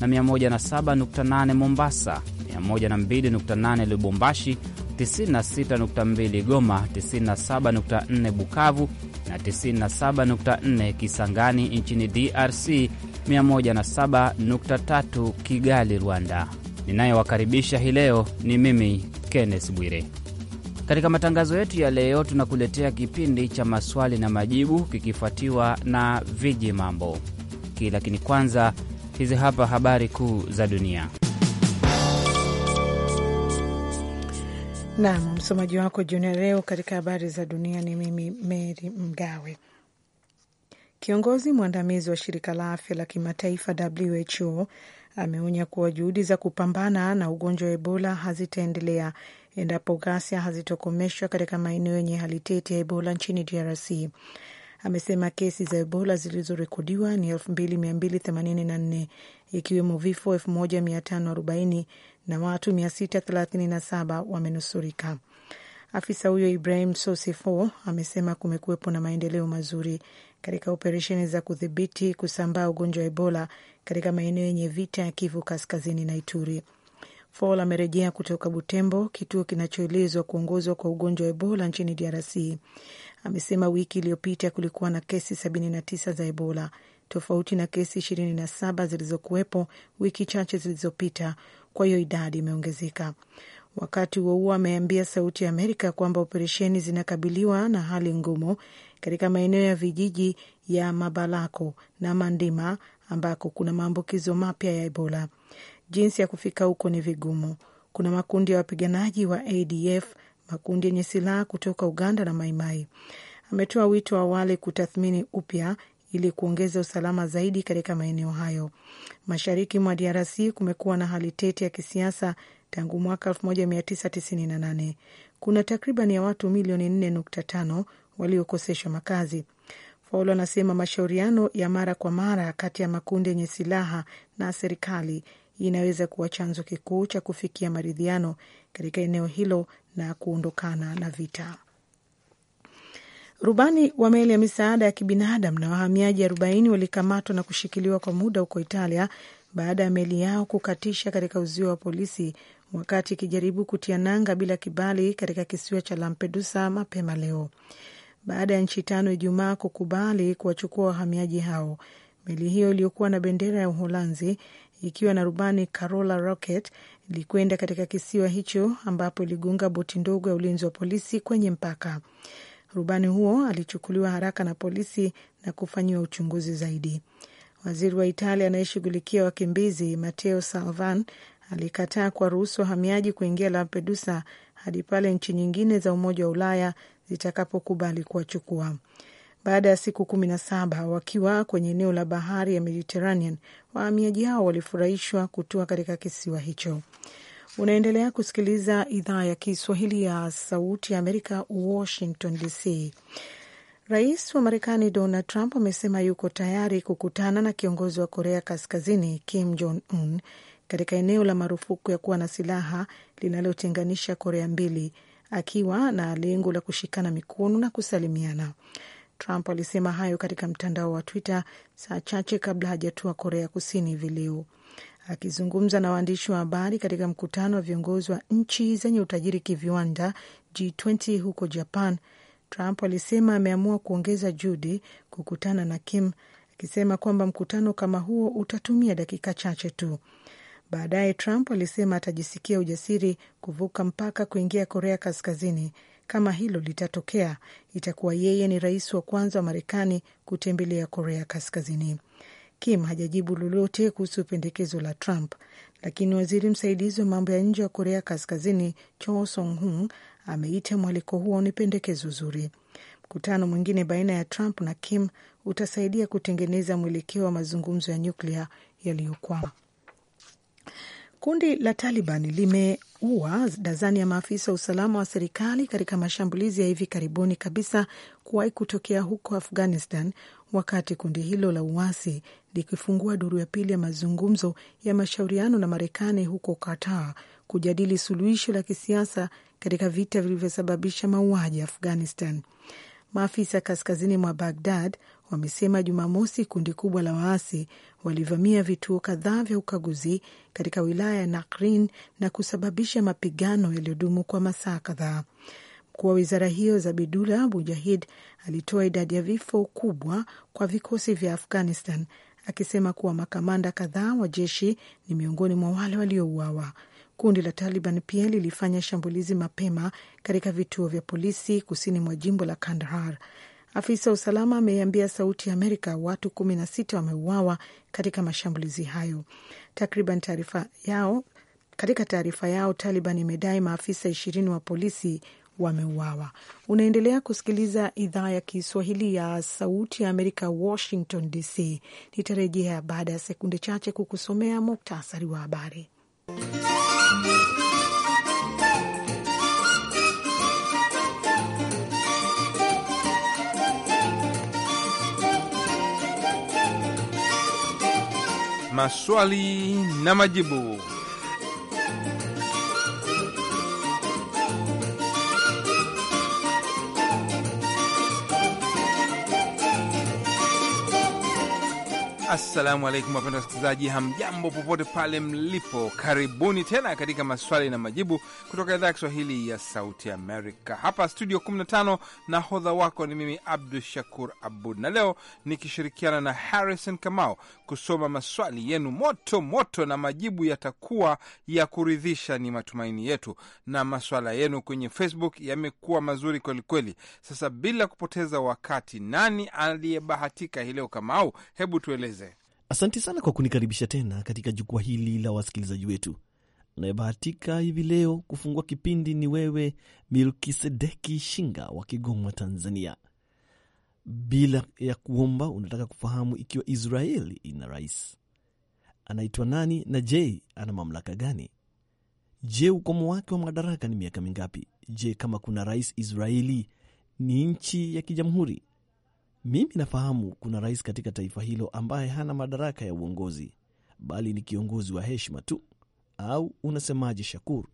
na 107.8 Mombasa, 102.8 Lubumbashi, 96.2 Goma, 97.4 Bukavu na 97.4 Kisangani nchini DRC, 107.3 Kigali, Rwanda. Ninayowakaribisha hii leo ni mimi Kenneth Bwire. Katika matangazo yetu ya leo, tunakuletea kipindi cha maswali na majibu kikifuatiwa na viji mambo ki, lakini kwanza Hizi hapa habari kuu za dunia. nam msomaji wako jioni leo katika habari za dunia ni mimi Mary Mgawe. Kiongozi mwandamizi wa shirika la afya la kimataifa WHO ameonya kuwa juhudi za kupambana na ugonjwa wa Ebola hazitaendelea endapo ghasia hazitokomeshwa katika maeneo yenye hali tete ya Ebola nchini DRC amesema kesi za Ebola zilizorekodiwa ni 2284 ikiwemo vifo 1540 na watu 637 wamenusurika. Afisa huyo Ibrahim Sosifo amesema kumekuwepo na maendeleo mazuri katika operesheni za kudhibiti kusambaa ugonjwa wa Ebola katika maeneo yenye vita ya Kivu Kaskazini na Ituri. Fall amerejea kutoka Butembo, kituo kinachoelezwa kuongozwa kwa ugonjwa wa Ebola nchini DRC. Amesema wiki iliyopita kulikuwa na kesi 79 za Ebola tofauti na kesi 27 zilizokuwepo wiki chache zilizopita, kwa hiyo idadi imeongezeka. Wakati huo huo, ameambia Sauti ya Amerika kwamba operesheni zinakabiliwa na hali ngumu katika maeneo ya vijiji ya Mabalako na Mandima ambako kuna maambukizo mapya ya Ebola. Jinsi ya kufika huko ni vigumu. Kuna makundi ya wapiganaji wa ADF, makundi yenye silaha kutoka Uganda na Maimai. Ametoa wito wa wale kutathmini upya ili kuongeza usalama zaidi katika maeneo hayo. Mashariki mwa DRC kumekuwa na hali tete ya kisiasa tangu mwaka 1998. Kuna takriban ya watu milioni 4.5 waliokoseshwa makazi. Faulu anasema mashauriano ya mara kwa mara kati ya makundi yenye silaha na serikali inaweza kuwa chanzo kikuu cha kufikia maridhiano katika eneo hilo na kuondokana na vita. Rubani wa meli ya misaada ya kibinadamu na wahamiaji arobaini walikamatwa na kushikiliwa kwa muda huko Italia baada ya meli yao kukatisha katika uzio wa polisi wakati ikijaribu kutia nanga bila kibali katika kisiwa cha Lampedusa mapema leo, baada ya nchi tano Ijumaa kukubali kuwachukua wahamiaji hao. Meli hiyo iliyokuwa na bendera ya Uholanzi ikiwa na rubani Carola Rocket ilikwenda katika kisiwa hicho ambapo iligonga boti ndogo ya ulinzi wa polisi kwenye mpaka. Rubani huo alichukuliwa haraka na polisi na kufanyiwa uchunguzi zaidi. Waziri wa Italia anayeshughulikia wakimbizi Matteo Salvan alikataa kuwaruhusu wahamiaji kuingia Lampedusa hadi pale nchi nyingine za Umoja wa Ulaya zitakapokubali kuwachukua. Baada ya siku kumi na saba wakiwa kwenye eneo la bahari ya Mediterranean, wahamiaji hao walifurahishwa kutua katika kisiwa hicho. Unaendelea kusikiliza idhaa ya Kiswahili ya Sauti ya Amerika, Washington DC. Rais wa Marekani Donald Trump amesema yuko tayari kukutana na kiongozi wa Korea Kaskazini Kim Jong Un katika eneo la marufuku ya kuwa na silaha linalotenganisha Korea mbili, akiwa na lengo la kushikana mikono na kusalimiana. Trump alisema hayo katika mtandao wa Twitter saa chache kabla hajatua Korea Kusini hivi leo. Akizungumza na waandishi wa habari katika mkutano wa viongozi wa nchi zenye utajiri kiviwanda G20 huko Japan, Trump alisema ameamua kuongeza juhudi kukutana na Kim, akisema kwamba mkutano kama huo utatumia dakika chache tu. Baadaye Trump alisema atajisikia ujasiri kuvuka mpaka kuingia Korea Kaskazini kama hilo litatokea, itakuwa yeye ni rais wa kwanza wa Marekani kutembelea Korea Kaskazini. Kim hajajibu lolote kuhusu pendekezo la Trump, lakini waziri msaidizi wa mambo ya nje wa Korea Kaskazini Cho Song Hung ameita mwaliko huo ni pendekezo zuri. Mkutano mwingine baina ya Trump na Kim utasaidia kutengeneza mwelekeo wa mazungumzo ya nyuklia yaliyokwama. Kundi la Taliban lime kuwa dazani ya maafisa wa usalama wa serikali katika mashambulizi ya hivi karibuni kabisa kuwahi kutokea huko Afghanistan, wakati kundi hilo la uasi likifungua duru ya pili ya mazungumzo ya mashauriano na Marekani huko Qatar kujadili suluhisho la kisiasa katika vita vilivyosababisha mauaji ya Afghanistan. Maafisa kaskazini mwa Bagdad wamesema Jumamosi kundi kubwa la waasi walivamia vituo kadhaa vya ukaguzi katika wilaya ya Nakrin na kusababisha mapigano yaliyodumu kwa masaa kadhaa. Mkuu wa wizara hiyo Zabidullah Mujahid alitoa idadi ya vifo kubwa kwa vikosi vya Afghanistan akisema kuwa makamanda kadhaa wa jeshi ni miongoni mwa wale waliouawa. Kundi la Taliban pia lilifanya shambulizi mapema katika vituo vya polisi kusini mwa jimbo la Kandahar. Afisa wa usalama ameiambia Sauti ya Amerika watu kumi na sita wameuawa katika mashambulizi hayo. Takriban taarifa yao katika taarifa yao Taliban imedai maafisa ishirini wa polisi wameuawa. Unaendelea kusikiliza idhaa ya Kiswahili ya Sauti ya Amerika, Washington DC. Nitarejea baada ya sekunde chache kukusomea muktasari wa habari. Maswali na majibu. Assalamu alaikum wapenda wasikilizaji, hamjambo popote pale mlipo, karibuni tena katika maswali na majibu kutoka idhaa ya Kiswahili ya Sauti Amerika hapa studio 15. Na hodha wako ni mimi Abdu Shakur Abud, na leo nikishirikiana na Harrison Kamau kusoma maswali yenu moto moto, na majibu yatakuwa ya kuridhisha, ni matumaini yetu. Na maswala yenu kwenye Facebook yamekuwa mazuri kwelikweli. Sasa bila kupoteza wakati, nani aliyebahatika hii leo, Kamau? Hebu tueleze. Asanti sana kwa kunikaribisha tena katika jukwaa hili la wasikilizaji wetu. Anayebahatika hivi leo kufungua kipindi ni wewe Milkisedeki Shinga wa Kigoma, Tanzania. Bila ya kuomba, unataka kufahamu ikiwa Israeli ina rais anaitwa nani, na je, ana mamlaka gani? Je, ukomo wake wa madaraka ni miaka mingapi? Je, kama kuna rais Israeli ni nchi ya kijamhuri? Mimi nafahamu kuna rais katika taifa hilo ambaye hana madaraka ya uongozi, bali ni kiongozi wa heshima tu, au unasemaje, Shakur?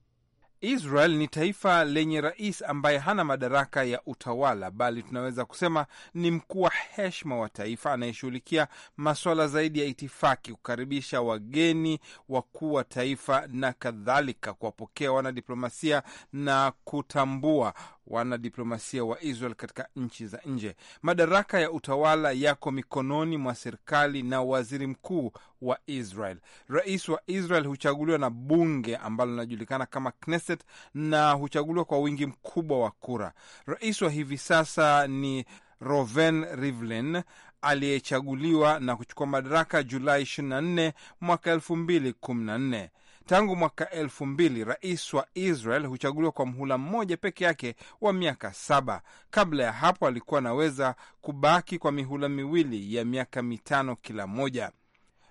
Israel ni taifa lenye rais ambaye hana madaraka ya utawala, bali tunaweza kusema ni mkuu wa heshima wa taifa anayeshughulikia masuala zaidi ya itifaki, kukaribisha wageni wakuu wa taifa na kadhalika, kuwapokea wanadiplomasia na kutambua wanadiplomasia wa Israel katika nchi za nje. Madaraka ya utawala yako mikononi mwa serikali na waziri mkuu wa Israel. Rais wa Israel huchaguliwa na bunge ambalo linajulikana kama Knesset na huchaguliwa kwa wingi mkubwa wa kura. Rais wa hivi sasa ni roven Rivlin aliyechaguliwa na kuchukua madaraka Julai 24 mwaka 2014. Tangu mwaka elfu mbili rais wa Israel huchaguliwa kwa mhula mmoja peke yake wa miaka saba. Kabla ya hapo alikuwa anaweza kubaki kwa mihula miwili ya miaka mitano kila moja.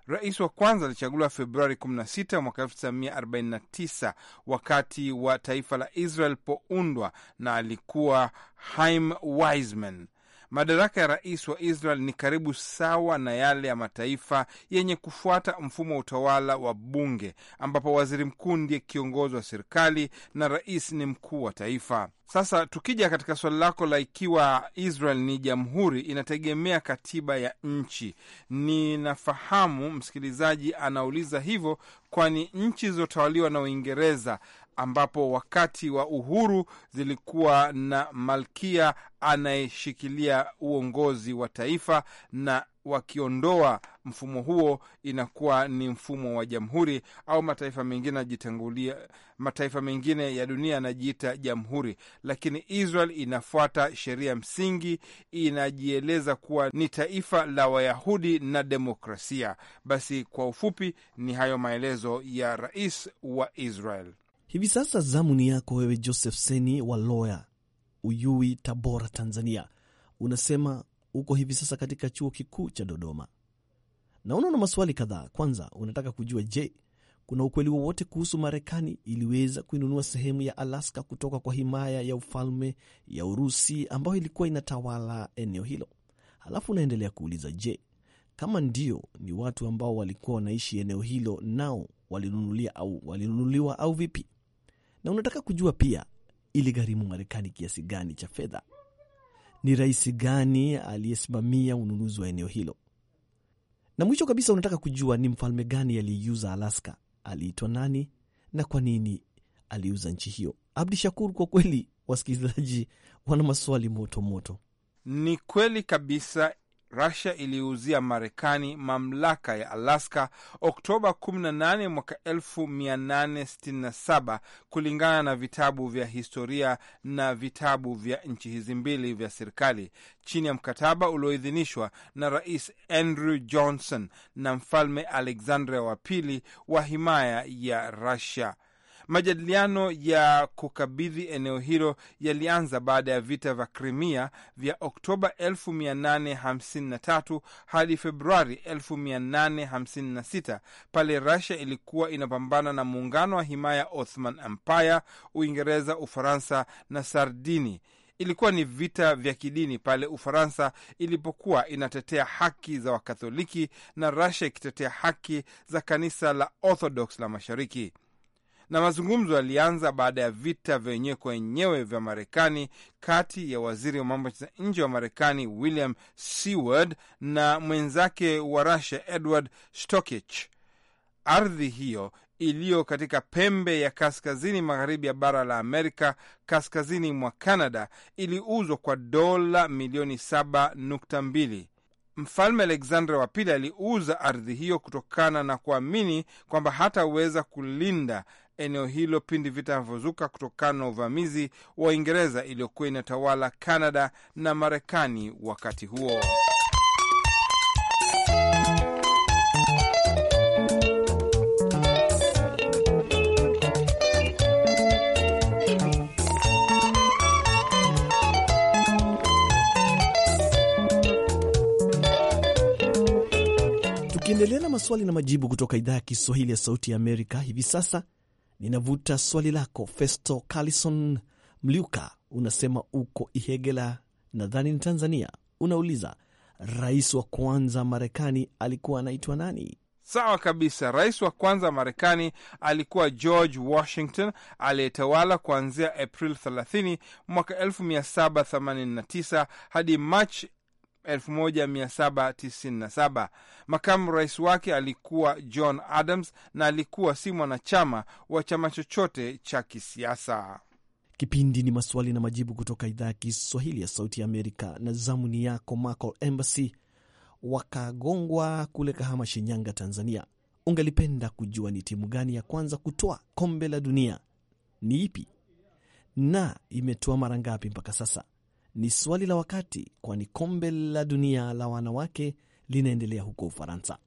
Rais wa kwanza alichaguliwa Februari 16 mwaka 1949 wakati wa taifa la Israel poundwa, na alikuwa Haim Weizmann. Madaraka ya rais wa Israel ni karibu sawa na yale ya mataifa yenye kufuata mfumo wa utawala wa bunge, ambapo waziri mkuu ndiye kiongozi wa serikali na rais ni mkuu wa taifa. Sasa tukija katika swali lako la ikiwa Israel ni jamhuri, inategemea katiba ya nchi. Ninafahamu msikilizaji anauliza hivyo, kwani nchi zilizotawaliwa na Uingereza ambapo wakati wa uhuru zilikuwa na malkia anayeshikilia uongozi wa taifa, na wakiondoa mfumo huo inakuwa ni mfumo wa jamhuri au mataifa mengine yanajitangulia, mataifa mengine ya dunia yanajiita jamhuri, lakini Israel inafuata sheria msingi, inajieleza kuwa ni taifa la Wayahudi na demokrasia. Basi kwa ufupi ni hayo maelezo ya rais wa Israel. Hivi sasa zamu ni yako wewe, Joseph Seni wa Loya, Uyui, Tabora, Tanzania. Unasema uko hivi sasa katika chuo kikuu cha Dodoma. Naona una maswali kadhaa. Kwanza unataka kujua, je, kuna ukweli wowote kuhusu Marekani iliweza kuinunua sehemu ya Alaska kutoka kwa himaya ya ufalme ya Urusi ambayo ilikuwa inatawala eneo hilo? Halafu unaendelea kuuliza, je, kama ndio, ni watu ambao walikuwa wanaishi eneo hilo nao walinunulia au, walinunuliwa au vipi? na unataka kujua pia iligharimu Marekani kiasi gani cha fedha. Ni rais gani aliyesimamia ununuzi wa eneo hilo? Na mwisho kabisa, unataka kujua ni mfalme gani aliyeuza Alaska, aliitwa nani na kwa nini aliuza nchi hiyo? Abdi Shakur, kwa kweli wasikilizaji wana maswali moto moto. Ni kweli kabisa, Rusia iliuzia Marekani mamlaka ya Alaska Oktoba 18 mwaka 1867 kulingana na vitabu vya historia na vitabu vya nchi hizi mbili vya serikali, chini ya mkataba ulioidhinishwa na Rais Andrew Johnson na Mfalme Alexandria wa pili wa himaya ya Rusia. Majadiliano ya kukabidhi eneo hilo yalianza baada ya vita vya Krimia vya Oktoba 1853 hadi Februari 1856 pale Russia ilikuwa inapambana na muungano wa himaya Ottoman Empire, Uingereza, Ufaransa na Sardini. Ilikuwa ni vita vya kidini pale Ufaransa ilipokuwa inatetea haki za Wakatholiki na Russia ikitetea haki za kanisa la Orthodox la Mashariki na mazungumzo yalianza baada ya vita vyenyewe kwa wenyewe vya Marekani kati ya waziri wa mambo ya nje wa Marekani William Seward na mwenzake wa Russia Edward Stokich. Ardhi hiyo iliyo katika pembe ya kaskazini magharibi ya bara la Amerika kaskazini mwa Canada iliuzwa kwa dola milioni 7.2. Mfalme Alexandre wa pili aliuza ardhi hiyo kutokana na kuamini kwamba hataweza kulinda eneo hilo pindi vita vinavyozuka kutokana na uvamizi wa Uingereza iliyokuwa inatawala Kanada na Marekani wakati huo. Tukiendelea na maswali na majibu kutoka idhaa ya Kiswahili ya Sauti ya Amerika, hivi sasa Ninavuta swali lako Festo Carlison Mliuka, unasema uko Ihegela, nadhani ni Tanzania. Unauliza, rais wa kwanza Marekani alikuwa anaitwa nani? Sawa kabisa. Rais wa kwanza wa Marekani alikuwa George Washington aliyetawala kuanzia April 30 mwaka 1789 hadi Machi 1797. Makamu rais wake alikuwa John Adams na alikuwa si mwanachama wa chama chochote cha kisiasa. Kipindi ni maswali na majibu kutoka idhaa ya Kiswahili ya Sauti ya Amerika na zamu ni yako Michael Embassy wakagongwa kule Kahama, Shinyanga, Tanzania. Ungelipenda kujua ni timu gani ya kwanza kutoa kombe la dunia ni ipi na imetoa mara ngapi mpaka sasa? Ni swali la wakati, kwani kombe la dunia la wanawake linaendelea huko Ufaransa.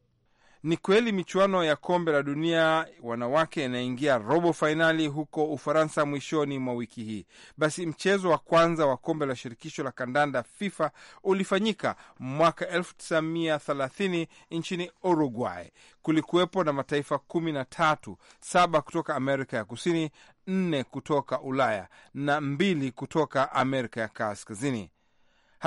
Ni kweli michuano ya kombe la dunia wanawake inaingia robo fainali huko Ufaransa mwishoni mwa wiki hii. Basi mchezo wa kwanza wa kombe la shirikisho la kandanda FIFA ulifanyika mwaka 1930 nchini Uruguay. Kulikuwepo na mataifa kumi na tatu, saba kutoka Amerika ya Kusini, nne kutoka Ulaya na mbili kutoka Amerika ya Kaskazini.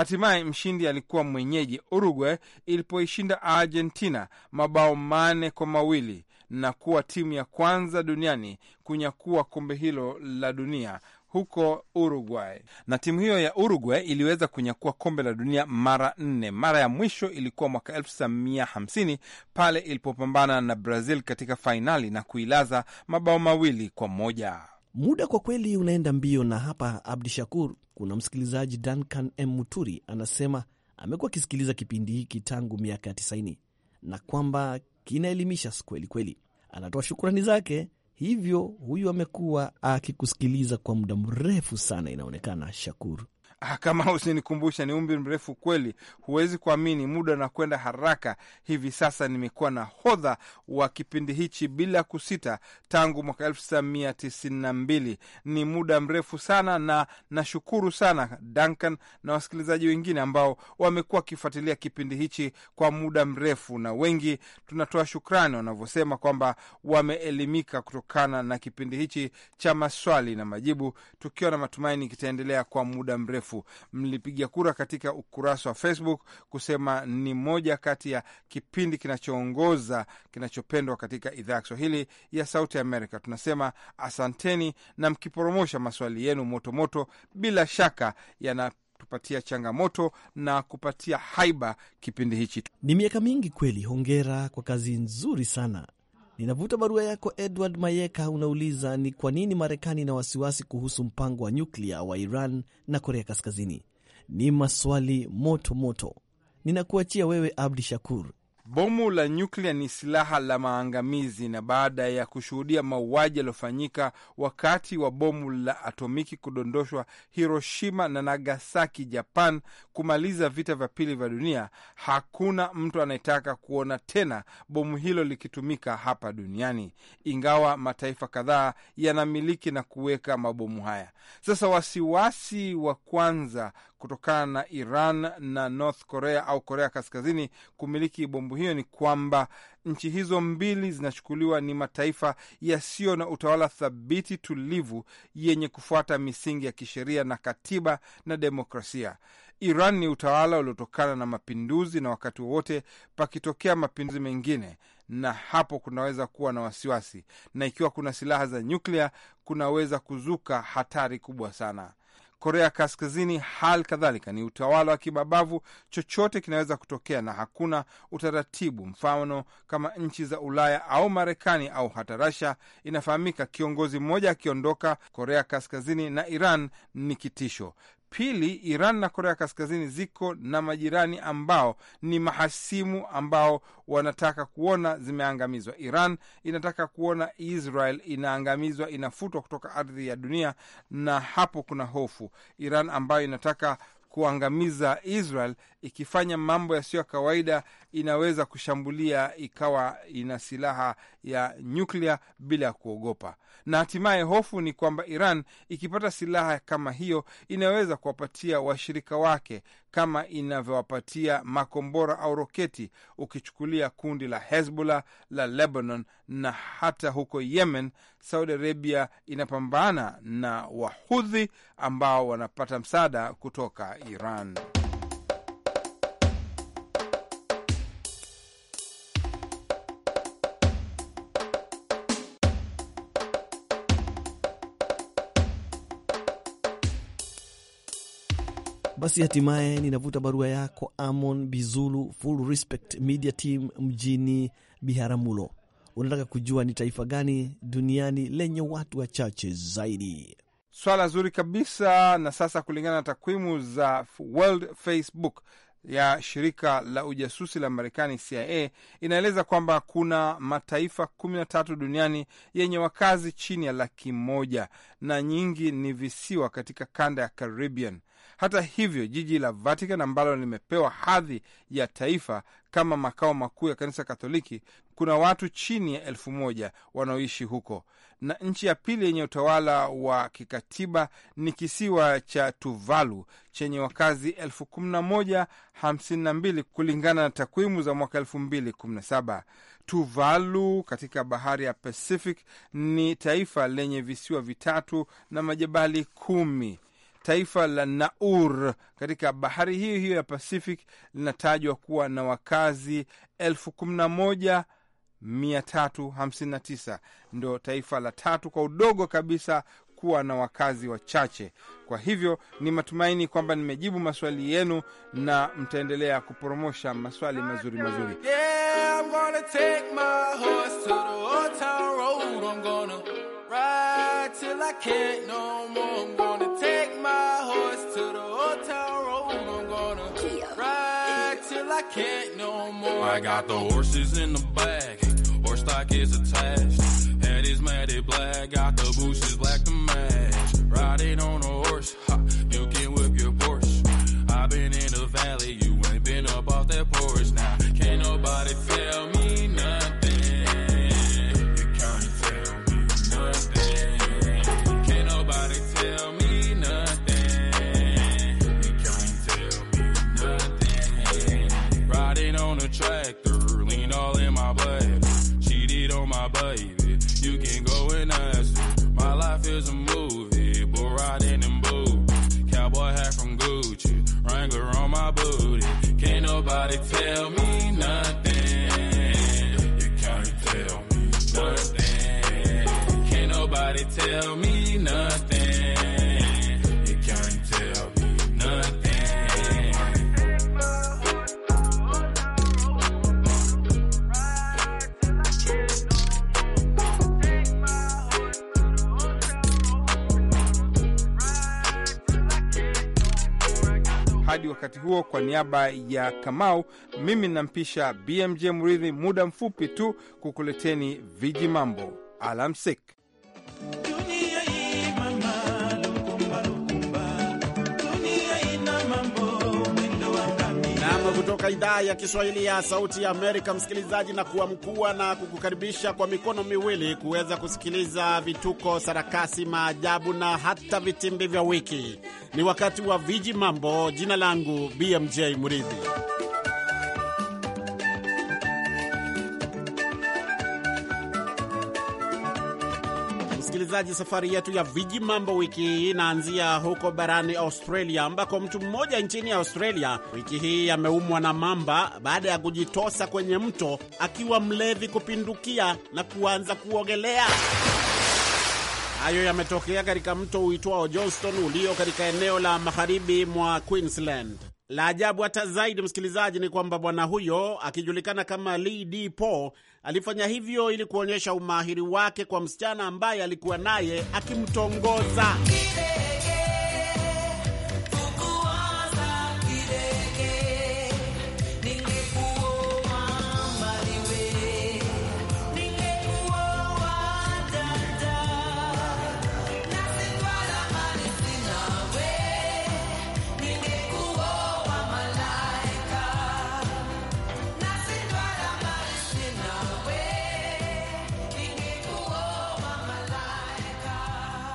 Hatimaye mshindi alikuwa mwenyeji Uruguay ilipoishinda Argentina mabao mane kwa mawili na kuwa timu ya kwanza duniani kunyakua kombe hilo la dunia huko Uruguay. Na timu hiyo ya Uruguay iliweza kunyakua kombe la dunia mara nne. Mara ya mwisho ilikuwa mwaka 1950 pale ilipopambana na Brazil katika fainali na kuilaza mabao mawili kwa moja. Muda kwa kweli unaenda mbio, na hapa Abdi Shakur, kuna msikilizaji Duncan M Muturi anasema amekuwa akisikiliza kipindi hiki tangu miaka ya 90 na kwamba kinaelimisha kweli kweli. Anatoa shukrani zake, hivyo huyu amekuwa akikusikiliza kwa muda mrefu sana, inaonekana Shakur. Ah, kama usinikumbusha, ni umri mrefu kweli, huwezi kuamini muda unakwenda haraka. Hivi sasa nimekuwa na hodha wa kipindi hichi bila kusita tangu mwaka 1992. Ni muda mrefu sana, na nashukuru sana Duncan na wasikilizaji wengine ambao wamekuwa wakifuatilia kipindi hichi kwa muda mrefu, na wengi tunatoa shukrani wanavyosema kwamba wameelimika kutokana na kipindi hichi cha maswali na majibu, tukiwa na matumaini kitaendelea kwa muda mrefu maarufu mlipiga kura katika ukurasa wa Facebook kusema ni moja kati ya kipindi kinachoongoza kinachopendwa katika idhaa ya Kiswahili ya Sauti Amerika. Tunasema asanteni, na mkiporomosha maswali yenu motomoto, bila shaka yana tupatia changamoto na kupatia haiba kipindi hichi. Ni miaka mingi kweli, hongera kwa kazi nzuri sana Ninavuta barua yako Edward Mayeka, unauliza ni kwa nini Marekani ina wasiwasi kuhusu mpango wa nyuklia wa Iran na Korea Kaskazini. Ni maswali moto moto. Ninakuachia wewe Abdi Shakur, Bomu la nyuklia ni silaha la maangamizi, na baada ya kushuhudia mauaji yaliyofanyika wakati wa bomu la atomiki kudondoshwa Hiroshima na Nagasaki, Japan, kumaliza vita vya pili vya dunia, hakuna mtu anayetaka kuona tena bomu hilo likitumika hapa duniani, ingawa mataifa kadhaa yanamiliki na kuweka mabomu haya. Sasa wasiwasi wa kwanza kutokana na Iran na North Korea au Korea Kaskazini kumiliki bombu hiyo ni kwamba nchi hizo mbili zinachukuliwa ni mataifa yasiyo na utawala thabiti tulivu, yenye kufuata misingi ya kisheria na katiba na demokrasia. Iran ni utawala uliotokana na mapinduzi, na wakati wowote pakitokea mapinduzi mengine, na hapo kunaweza kuwa na wasiwasi, na ikiwa kuna silaha za nyuklia, kunaweza kuzuka hatari kubwa sana. Korea Kaskazini hali kadhalika ni utawala wa kibabavu, chochote kinaweza kutokea na hakuna utaratibu. Mfano, kama nchi za Ulaya au Marekani au hata rasha inafahamika kiongozi mmoja akiondoka, Korea Kaskazini na Iran ni kitisho. Pili, Iran na Korea Kaskazini ziko na majirani ambao ni mahasimu ambao wanataka kuona zimeangamizwa. Iran inataka kuona Israel inaangamizwa, inafutwa kutoka ardhi ya dunia, na hapo kuna hofu. Iran ambayo inataka kuangamiza Israel ikifanya mambo yasiyo ya kawaida, inaweza kushambulia ikawa ina silaha ya nyuklia bila ya kuogopa. Na hatimaye hofu ni kwamba Iran ikipata silaha kama hiyo inaweza kuwapatia washirika wake kama inavyowapatia makombora au roketi, ukichukulia kundi la Hezbollah la Lebanon na hata huko Yemen, Saudi Arabia inapambana na Wahudhi ambao wanapata msaada kutoka Iran. Basi hatimaye ninavuta barua yako Amon Bizulu, Full Respect Media Team mjini Biharamulo. Unataka kujua ni taifa gani duniani lenye watu wachache zaidi? Swala zuri kabisa. Na sasa kulingana na takwimu za World Facebook ya shirika la ujasusi la Marekani CIA inaeleza kwamba kuna mataifa kumi na tatu duniani yenye wakazi chini ya laki moja na nyingi ni visiwa katika kanda ya Caribbean. Hata hivyo, jiji la Vatican ambalo limepewa hadhi ya taifa kama makao makuu ya kanisa Katoliki, kuna watu chini ya elfu moja wanaoishi huko, na nchi ya pili yenye utawala wa kikatiba ni kisiwa cha Tuvalu chenye wakazi elfu kumi na moja hamsini na mbili kulingana na takwimu za mwaka elfu mbili kumi na saba. Tuvalu katika bahari ya Pacific ni taifa lenye visiwa vitatu na majabali kumi taifa la naur katika bahari hiyo hiyo ya Pacific linatajwa kuwa na wakazi elfu kumi na moja 359 taifa la tatu kwa udogo kabisa kuwa na wakazi wachache. Kwa hivyo ni matumaini kwamba nimejibu maswali yenu na mtaendelea kupromosha maswali mazuri mazuri. Yeah, my horse to the old town road. I'm gonna ride till I can't no more. I got the horses in the back, horse stock is attached. Head is matted black, got the bushes black to match. Riding on a horse, ha, you can whip your Porsche. I've been in the valley, you ain't been up off that porch. Now can't nobody feel. wakati huo, kwa niaba ya Kamau, mimi nampisha BMJ Mridhi muda mfupi tu kukuleteni viji mambo. Alamsik. kutoka idhaa ya Kiswahili ya Sauti ya Amerika, msikilizaji, na kuamkua na kukukaribisha kwa mikono miwili kuweza kusikiliza vituko, sarakasi, maajabu na hata vitimbi vya wiki. Ni wakati wa viji mambo. Jina langu BMJ Muridhi. Msikilizaji, safari yetu ya viji mambo wiki hii inaanzia huko barani Australia, ambako mtu mmoja nchini Australia wiki hii ameumwa na mamba baada ya kujitosa kwenye mto akiwa mlevi kupindukia na kuanza kuogelea. Hayo yametokea katika mto uitwao Johnston ulio katika eneo la magharibi mwa Queensland. La ajabu hata zaidi, msikilizaji, ni kwamba bwana huyo akijulikana kama Lee D alifanya hivyo ili kuonyesha umahiri wake kwa msichana ambaye alikuwa naye akimtongoza.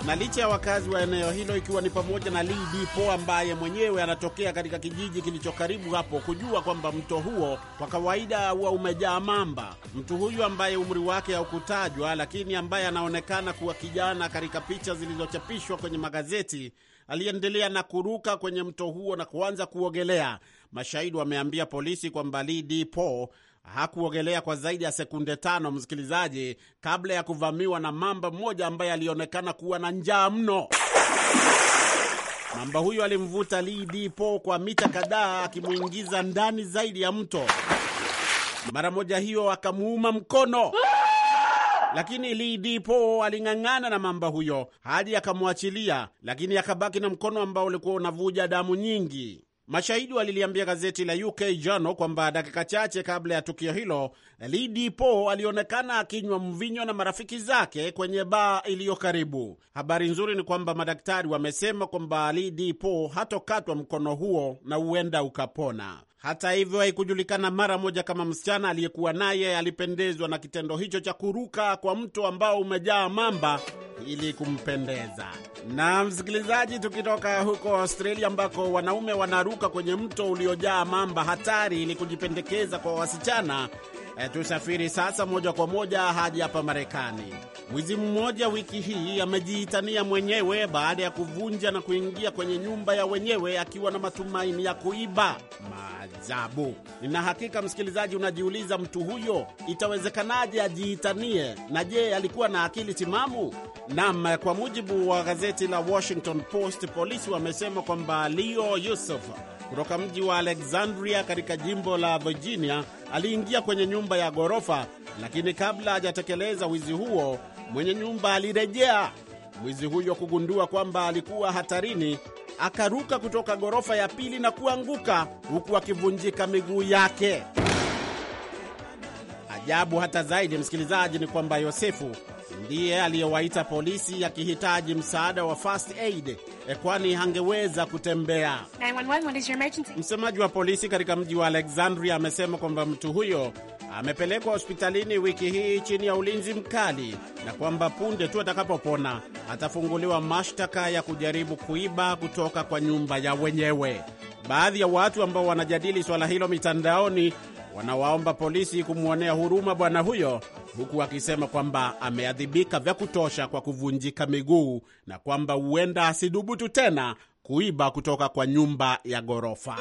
na licha ya wakazi wa eneo hilo ikiwa ni pamoja na Lee Dipo ambaye mwenyewe anatokea katika kijiji kilicho karibu hapo kujua kwamba mto huo kwa kawaida huwa umejaa mamba, mtu huyu ambaye umri wake haukutajwa, lakini ambaye anaonekana kuwa kijana katika picha zilizochapishwa kwenye magazeti aliendelea na kuruka kwenye mto huo na kuanza kuogelea. Mashahidi wameambia polisi kwamba Lee Dipo hakuogelea kwa zaidi ya sekunde tano, msikilizaji, kabla ya kuvamiwa na mamba mmoja ambaye alionekana kuwa na njaa mno. Mamba huyo alimvuta Lee Dipo kwa mita kadhaa, akimwingiza ndani zaidi ya mto. Mara moja hiyo akamuuma mkono lakini Lidipo aling'ang'ana na mamba huyo hadi akamwachilia, lakini akabaki na mkono ambao ulikuwa unavuja damu nyingi. Mashahidi waliliambia gazeti la UK Journal kwamba dakika chache kabla ya tukio hilo, Lidi Po alionekana akinywa mvinyo na marafiki zake kwenye baa iliyo karibu. Habari nzuri ni kwamba madaktari wamesema kwamba Lidi Po hatokatwa mkono huo na huenda ukapona. Hata hivyo, haikujulikana mara moja kama msichana aliyekuwa naye alipendezwa na kitendo hicho cha kuruka kwa mto ambao umejaa mamba ili kumpendeza. Na msikilizaji, tukitoka huko Australia ambako wanaume wanaruka kwenye mto uliojaa mamba hatari ili kujipendekeza kwa wasichana, E, tusafiri sasa moja kwa moja hadi hapa Marekani. Mwizi mmoja wiki hii amejiitania mwenyewe baada ya kuvunja na kuingia kwenye nyumba ya wenyewe akiwa na matumaini ya kuiba. Maajabu! Nina hakika msikilizaji, unajiuliza mtu huyo itawezekanaje ajiitanie, na je, alikuwa na akili timamu? Naam, kwa mujibu wa gazeti la Washington Post, polisi wamesema kwamba Leo Yusuf kutoka mji wa Alexandria katika jimbo la Virginia aliingia kwenye nyumba ya ghorofa, lakini kabla hajatekeleza wizi huo, mwenye nyumba alirejea. Mwizi huyo kugundua kwamba alikuwa hatarini, akaruka kutoka ghorofa ya pili na kuanguka huku akivunjika miguu yake. Ajabu hata zaidi, msikilizaji, ni kwamba Yosefu ndiye aliyewaita polisi akihitaji msaada wa first aid, e, kwani hangeweza kutembea. Msemaji wa polisi katika mji wa Alexandria amesema kwamba mtu huyo amepelekwa hospitalini wiki hii chini ya ulinzi mkali na kwamba punde tu atakapopona atafunguliwa mashtaka ya kujaribu kuiba kutoka kwa nyumba ya wenyewe. Baadhi ya watu ambao wanajadili swala hilo mitandaoni wanawaomba polisi kumwonea huruma bwana huyo, huku akisema kwamba ameadhibika vya kutosha kwa kuvunjika miguu na kwamba huenda asidhubutu tena kuiba kutoka kwa nyumba ya ghorofa.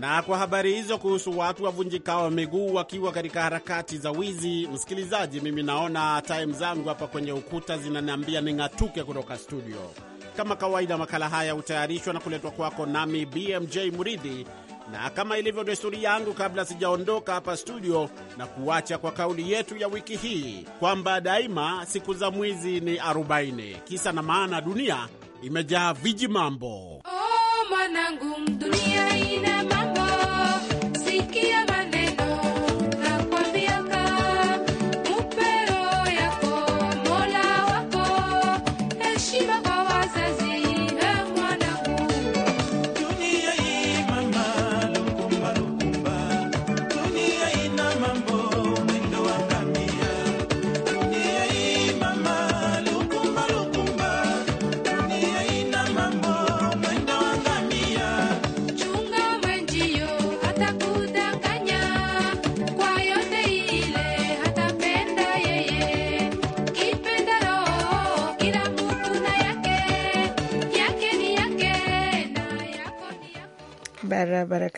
Na kwa habari hizo kuhusu watu wavunjikao wa miguu wakiwa katika harakati za wizi, msikilizaji, mimi naona taimu zangu hapa kwenye ukuta zinaniambia ning'atuke kutoka studio. Kama kawaida, makala haya hutayarishwa na kuletwa kwako nami BMJ Muridhi na kama ilivyo desturi yangu, kabla sijaondoka hapa studio, na kuacha kwa kauli yetu ya wiki hii kwamba daima siku za mwizi ni 40. Kisa na maana, dunia imejaa viji mambo. Oh, mwanangu, dunia ina mambo. Sikia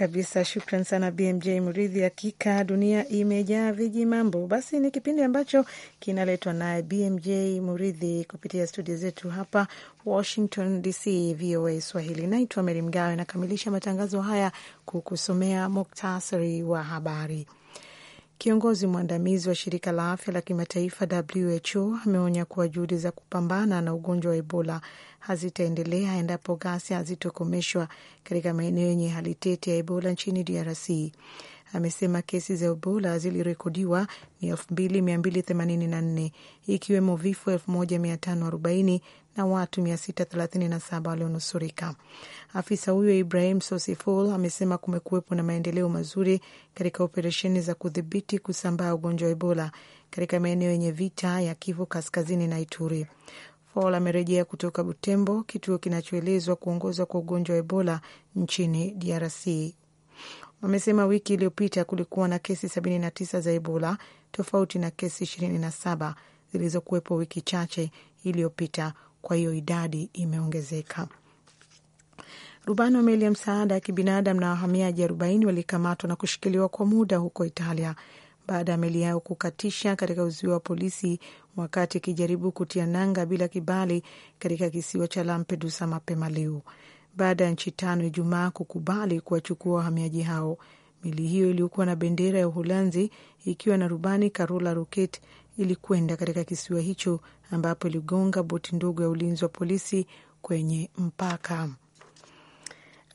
kabisa. Shukran sana BMJ Mridhi. Hakika dunia imejaa viji mambo. Basi ni kipindi ambacho kinaletwa naye BMJ Mridhi kupitia studio zetu hapa Washington DC, VOA Swahili. Naitwa Meri Mgawe, nakamilisha matangazo haya kukusomea muktasari wa habari. Kiongozi mwandamizi wa shirika la afya la kimataifa WHO ameonya kuwa juhudi za kupambana na ugonjwa wa Ebola hazitaendelea endapo ghasia hazitokomeshwa katika maeneo yenye hali tete ya Ebola nchini DRC amesema kesi za Ebola zilirekodiwa ni 2284 ikiwemo vifo 1540 na watu 637 walionusurika. Afisa huyo Ibrahim Sosifol amesema kumekuwepo na maendeleo mazuri katika operesheni za kudhibiti kusambaa ugonjwa wa Ebola katika maeneo yenye vita ya Kivu Kaskazini na Ituri. Fol amerejea kutoka Butembo, kituo kinachoelezwa kuongozwa kwa ugonjwa wa Ebola nchini DRC wamesema wiki iliyopita kulikuwa na kesi 79 za Ebola tofauti na kesi 27 zilizokuwepo wiki chache iliyopita. Kwa hiyo idadi imeongezeka. Rubani wa meli ya msaada ya kibinadamu na wahamiaji arobaini walikamatwa na kushikiliwa kwa muda huko Italia baada ya meli yao kukatisha katika uzio wa polisi wakati ikijaribu kutia nanga bila kibali katika kisiwa cha Lampedusa mapema leo baada ya nchi tano Ijumaa kukubali kuwachukua wahamiaji hao. Meli hiyo iliyokuwa na bendera ya Uholanzi ikiwa na rubani Carola Roket ilikwenda katika kisiwa hicho ambapo iligonga boti ndogo ya ulinzi wa polisi kwenye mpaka.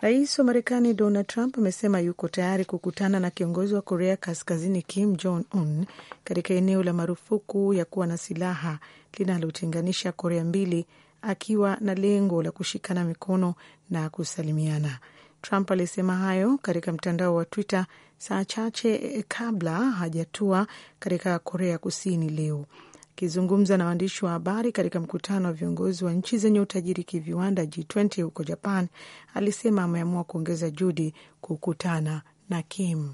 Rais wa Marekani Donald Trump amesema yuko tayari kukutana na kiongozi wa Korea Kaskazini Kim Jong Un katika eneo la marufuku ya kuwa na silaha linalotenganisha Korea mbili akiwa na lengo la kushikana mikono na kusalimiana. Trump alisema hayo katika mtandao wa Twitter saa chache kabla hajatua katika Korea Kusini leo. Akizungumza na waandishi wa habari katika mkutano wa viongozi wa nchi zenye utajiri kiviwanda G20 huko Japan, alisema ameamua kuongeza juhudi kukutana na Kim.